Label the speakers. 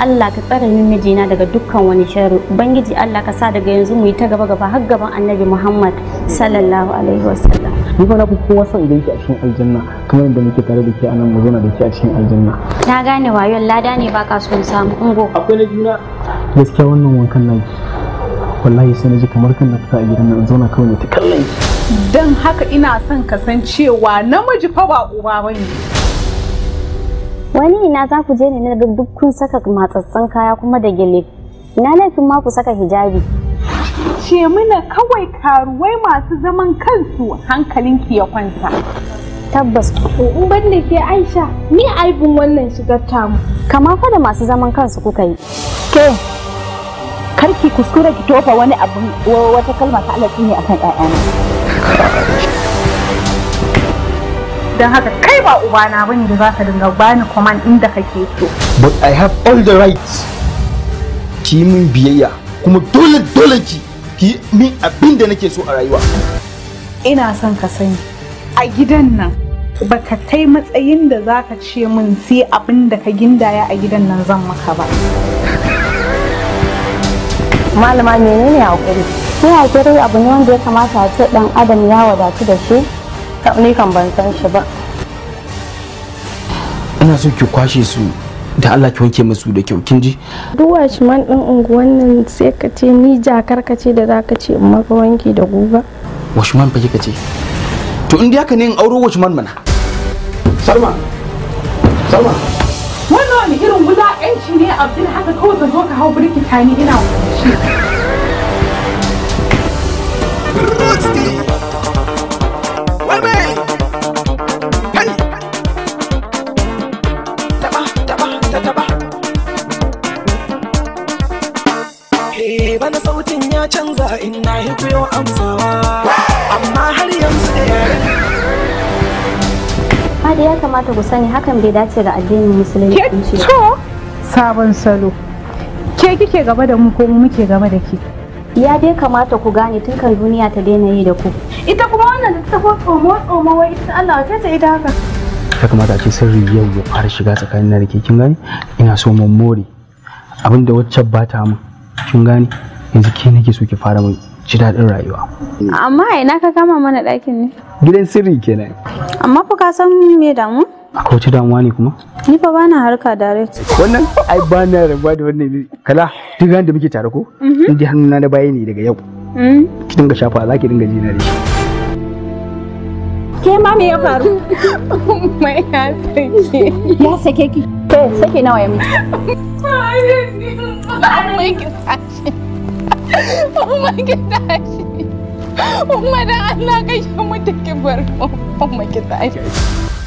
Speaker 1: Allah ka tsare min mijina daga dukkan wani sharri ubangiji Allah ka sa daga yanzu mu yi ta gaba gaba har gaban annabi Muhammad sallallahu alaihi wasallam ni ba na ku kowa son idan ki a cikin aljanna kamar yadda muke tare da ke anan mu zauna da ke a cikin aljanna na gane wayon lada ne baka son samu ungo akwai na juna gaskiya wannan wankan naki wallahi sai na ji kamar kan na fita a gidan nan zauna kawai ne ta kallon don haka ina son kasancewa namiji fa ba uba bane wani ina za ku je ne na duk kun saka matsatsan kaya kuma da gele ina laifin ma ku saka hijabi ce mana kawai karuwai masu zaman kansu ki ya kwanta tabbas ko in banda ke aisha ni aibin wannan shigar tamu kama fa da masu zaman kansu kuka yi ke karki kuskure ki tofa wani abu wata kalma ta Allah ne akan ƴaƴana don haka kai ba ubana bane da zaka dinga bani command inda kake so but i have all the rights ki min biyayya kuma dole dole ki ki min abin da nake so a rayuwa ina son ka sani a gidan nan baka kai matsayin da zaka ce min sai abin da ka gindaya a gidan nan zan maka ba malama menene hakuri sai hakuri abu ne wanda ya kamata a ce dan adam ya wadatu da shi ni kan ban san shi ba ina so ki kwashe su da Allah ki wanke musu da kyau kin ji duk shi man din unguwan nan sai ka ce ni jakar ka ce da zaka ce in maka wanki da guga washman fa ka ce to in haka ne in auro man mana salma salma wannan irin wulaƙanci ne abdul haka kawai ka zo ka hau birkita ni ina wuce canza in na yi kuyo amsawa amma har yanzu da yare da ya kamata ku sani hakan bai dace ga addinin musulunci to sabon salo ke kike gaba da mu ko mu muke gaba da ke ya dai kamata ku gane tun kan duniya ta daina yi da ku ita kuma wannan da ta tafi tsomo tsomo wai ita Allah ta ta ita haka ya kamata a ce sirri yau ya fara shiga tsakanin na da ke kin gani ina so mun more abinda wacce ba ta mun kin gani yanzu ke nake so ki fara mun ji daɗin rayuwa amma ina ka kama mana ɗakin ne gidan sirri kenan amma fa ka san me damu akwai wata damuwa ne kuma ni fa bana harka direct wannan ai bana rabuwa da wannan ne. kala duk ran da muke tare ko mhm. in ji hannuna na baya ne daga yau mm. ki dinga shafa za ki dinga ji na shi ke ma me ya faru mai ya sake ya sake ki ke eh, sake nawa ya miki ai ne ba ne. ki sashi Umma oh ki tashi. Umma oh dan Allah kai ki mutu ki bar mu. Oh